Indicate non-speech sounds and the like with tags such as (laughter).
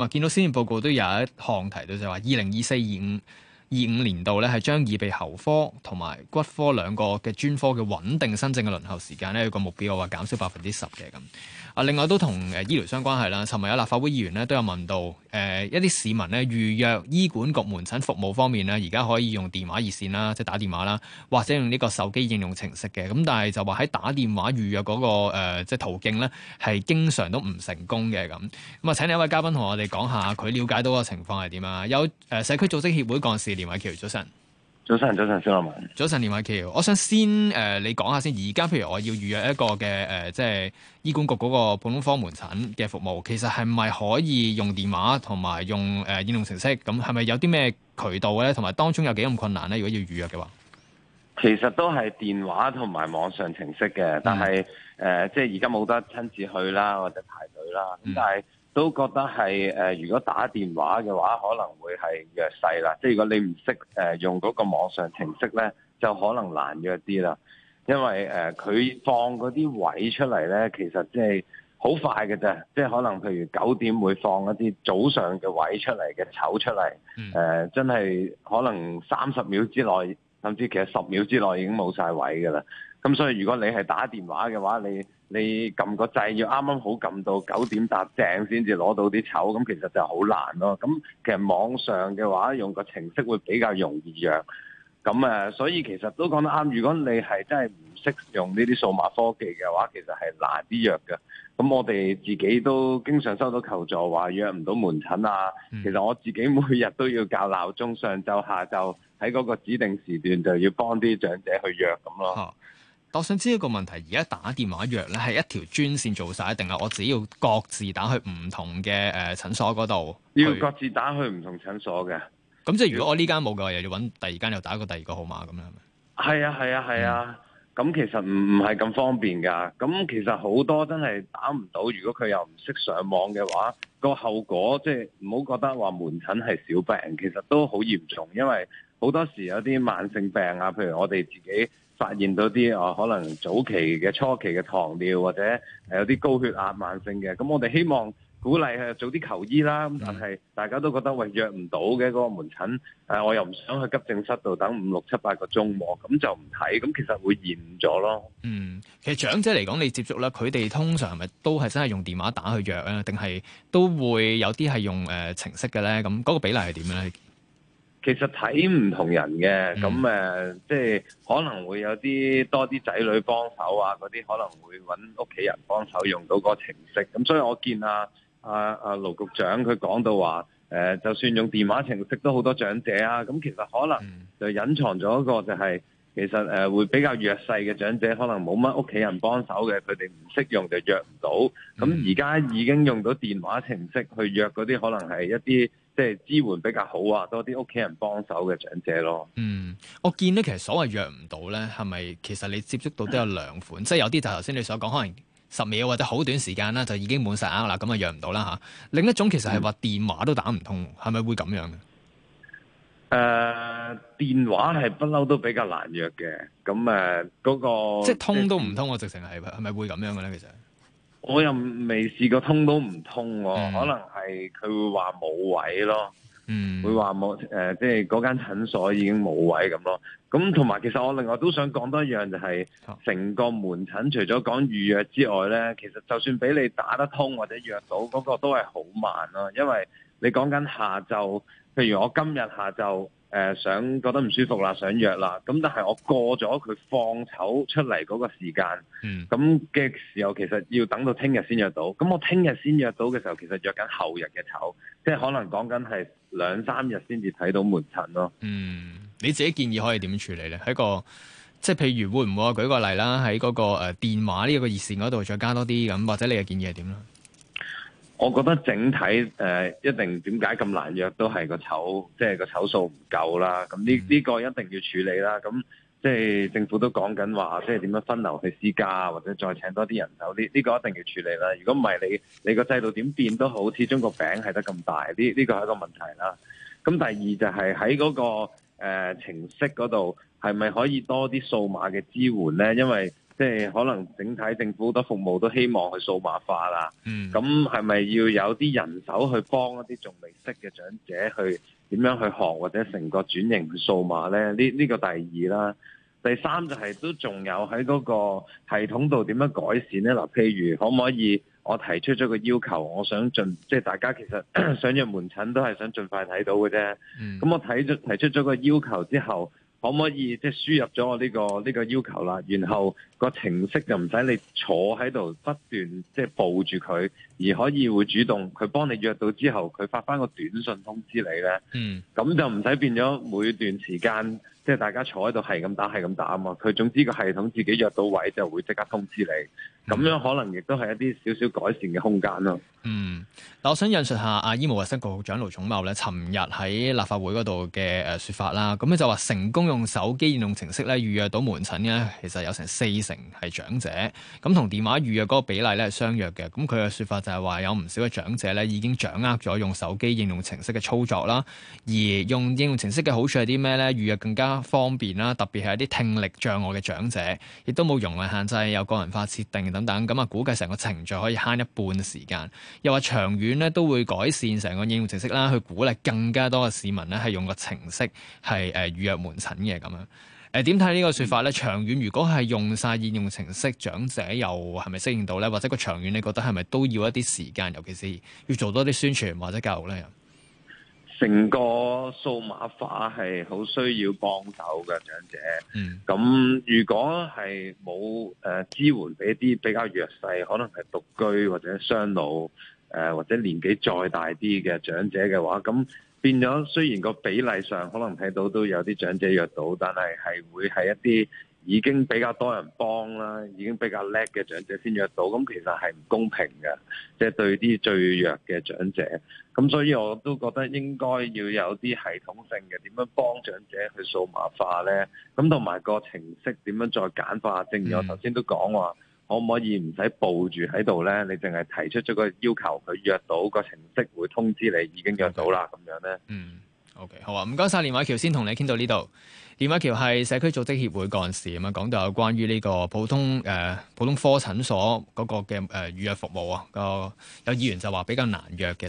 啊！見到先業報告都有一項提到，就係話二零二四、二五、二五年度咧，係將耳鼻喉科同埋骨科兩個嘅專科嘅穩定新症嘅輪候時間咧，有個目標話減少百分之十嘅咁。啊！另外都同誒醫療相關係啦，尋日有立法會議員咧都有問到，誒、呃、一啲市民咧預約醫管局門診服務方面咧，而家可以用電話熱線啦，即係打電話啦，或者用呢個手機應用程式嘅。咁但係就話喺打電話預約嗰、那個、呃、即係途徑咧，係經常都唔成功嘅咁。咁啊，請另一位嘉賓同我哋講下佢了解到嘅情況係點啊？有誒、呃、社區組織協會幹事連瑋翹早晨。早晨，早晨，小立文。 (noise) 早晨上，連瑋翹。 (noise) 我想先誒、呃，你講下先。而家譬如我要預約一個嘅誒，即、呃、係、就是、醫管局嗰個普通科門診嘅服務，其實係咪可以用電話同埋用誒應用程式？咁係咪有啲咩渠道咧？同埋當中有幾咁困難咧？如果要預約嘅話，其實都係電話同埋網上程式嘅，嗯、但係誒、呃，即係而家冇得親自去啦，或者排隊啦，咁但係、嗯。都覺得係誒、呃，如果打電話嘅話，可能會係弱勢啦。即係如果你唔識誒用嗰個網上程式咧，就可能難約啲啦。因為誒佢、呃、放嗰啲位出嚟咧，其實即係好快嘅啫。即係可能譬如九點會放一啲早上嘅位出嚟嘅醜出嚟，誒、呃、真係可能三十秒之內，甚至其實十秒之內已經冇晒位㗎啦。咁所以如果你係打電話嘅話，你你撳個掣要啱啱好撳到九點踏正先至攞到啲籌，咁其實就好難咯。咁其實網上嘅話，用個程式會比較容易約。咁誒，所以其實都講得啱。如果你係真係唔識用呢啲數碼科技嘅話，其實係難啲約嘅。咁我哋自己都經常收到求助，話約唔到門診啊。其實我自己每日都要校鬧鐘，上晝下晝喺嗰個指定時段就要幫啲長者去約咁咯咯。我想知一個問題，而家打電話約咧係一條專線做晒，定係我只要各自打去唔同嘅誒診所嗰度？要各自打去唔同診所嘅。咁即係要如果我呢間冇嘅，又要搵第二間又打個第二個號碼咁樣？係咪係啊？係啊，係啊！咁、啊啊嗯、其實唔唔係咁方便噶。咁其實好多真係打唔到，如果佢又唔識上網嘅話，個後果即係唔好覺得話門診係小病，其實都好嚴重，因為好多時有啲慢性病啊，譬如我哋自己。發現到啲哦，可能早期嘅初期嘅糖尿或者係有啲高血壓慢性嘅，咁我哋希望鼓勵佢早啲求醫啦。咁但係大家都覺得喂，約唔到嘅嗰、嗰個門診，啊、我又唔想去急症室度等五六七八個鐘喎，咁就唔睇，咁其實會延誤咗咯。嗯，其實長者嚟講，你接觸啦，佢哋通常係咪都係真係用電話打去約呀，定係都會有啲係用誒、呃、程式嘅咧？咁嗰個比例係點咧？其實睇唔同人嘅，咁誒、呃，即係可能會有啲多啲仔女幫手啊，嗰啲可能會揾屋企人幫手用到個程式。咁所以我見阿阿盧局長佢講到話，誒、呃，就算用電話程式都好多長者啊。咁其實可能就隱藏咗一個就係，其實誒、呃，會比較弱勢嘅長者，可能冇乜屋企人幫手嘅，佢哋唔識用就約唔到。咁而家已經用到電話程式去約嗰啲可能係一啲。即係支援比較好啊，多啲屋企人幫手嘅長者咯。嗯，我見到其實所謂約唔到咧，係咪其實你接觸到都有兩款， (laughs) 即係有啲就頭先你所講，可能十秒或者好短時間啦，就已經滿晒額啦，咁啊約唔到啦嚇。另一種其實係話電話都打唔通，係咪、嗯、會咁樣嘅？誒、呃，電話係不嬲都比較難約嘅。咁誒，嗰、呃，那個即係通都唔通，我直情係係咪會咁樣嘅咧？其實。是我又未試過通都唔通喎、哦，mm. 可能係佢會話冇位咯，嗯、mm.，會話冇誒，即係嗰間診所已經冇位咁咯，咯。咁同埋其實我另外都想講多一樣就係、係，成個門診除咗講預約之外呢，其實就算俾你打得通或者約到，嗰、嗰個都係好慢咯，因為你講緊下晝，譬如我今日下晝。誒、呃，想覺得唔舒服啦，想約啦，咁但係我過咗佢放籌出嚟嗰個時間，咁嘅、嗯、時候其實要等到聽日先約到，咁我聽日先約到嘅時候，其實約緊後日嘅籌，即係可能講緊係兩三日先至睇到門診咯。嗯，你自己建議可以點處理咧？喺個即係譬如會唔會舉個例啦？喺嗰個誒電話呢個熱線嗰度再加多啲咁，或者你嘅建議係點咧？我覺得整體誒、呃、一定點解咁難約都係個籌，即、就、係、是、個籌數唔夠啦。咁呢呢個一定要處理啦。咁即係政府都講緊話，即係點樣分流去私家，或者再請多啲人手。呢、這、呢個一定要處理啦。如果唔係你你個制度點變都好，始終個餅係得咁大。呢呢、這個係一個問題啦。咁第二就係喺嗰個、呃、程式嗰度，係咪可以多啲數碼嘅支援呢？因為即係可能整體政府好多服務都希望去數碼化啦，咁係咪要有啲人手去幫一啲仲未識嘅長者去點樣去學或者成個轉型去數碼咧？呢、這、呢、個這個第二啦，第三就係、是、都仲有喺嗰個系統度點樣改善咧？嗱，譬如可唔可以我提出咗個要求，我想盡即係大家其實 (coughs) 想約門診都係想盡快睇到嘅啫。咁、mm. 嗯、我提出提出咗個要求之後。可唔可以即係輸入咗我呢個呢個要求啦，然後個程式就唔使你坐喺度不斷即係抱住佢，而可以會主動佢幫你約到之後，佢發翻個短信通知你咧。嗯，咁就唔使變咗每段時間。即係大家坐喺度，係咁打，係咁打啊嘛！佢總之個系統自己約到位，就會即刻通知你。咁樣可能亦都係一啲少少改善嘅空間咯。嗯，嗱，我想引述下阿醫務衛生局局長盧寵茂咧，尋日喺立法會嗰度嘅誒說法啦。咁咧就話成功用手機應用程式咧預約到門診咧，其實有成四成係長者。咁同電話預約嗰個比例咧係相約嘅。咁佢嘅說法就係話有唔少嘅長者咧已經掌握咗用手機應用程式嘅操作啦。而用應用程式嘅好處係啲咩咧？預約更加方便啦，特別係一啲聽力障礙嘅長者，亦都冇容量限制，有個人化設定等等。咁啊，估計成個程序可以慳一半時間。又話長遠咧都會改善成個應用程式啦，去鼓勵更加多嘅市民咧係用個程式係誒預約門診嘅咁樣。誒點睇呢個說法咧？嗯、長遠如果係用晒應用程式，長者又係咪適應到咧？或者個長遠你覺得係咪都要一啲時間？尤其是要做多啲宣傳或者教育咧？成個數碼化係好需要幫手嘅長者，咁、嗯、如果係冇誒支援俾啲比較弱勢，可能係獨居或者雙老，誒、呃、或者年紀再大啲嘅長者嘅話，咁變咗雖然個比例上可能睇到都有啲長者約到，但係係會係一啲已經比較多人幫啦，已經比較叻嘅長者先約到，咁其實係唔公平嘅，即、就、係、是、對啲最弱嘅長者。咁所以我都覺得應該要有啲系統性嘅，點樣幫長者去數碼化咧？咁同埋個程式，點樣再簡化？正如我頭先都講話，嗯、可唔可以唔使報住喺度咧？你淨係提出咗個要求，佢約到、個程式會通知你已經約到啦，咁、嗯、樣咧？嗯，OK，好啊，唔該晒。連瑋翹先同你傾到呢度。連瑋翹係社區組織協會幹事，咁啊講到有關於呢個普通誒、呃、普通科診所嗰個嘅誒預約服務啊，個有議員就話比較難約嘅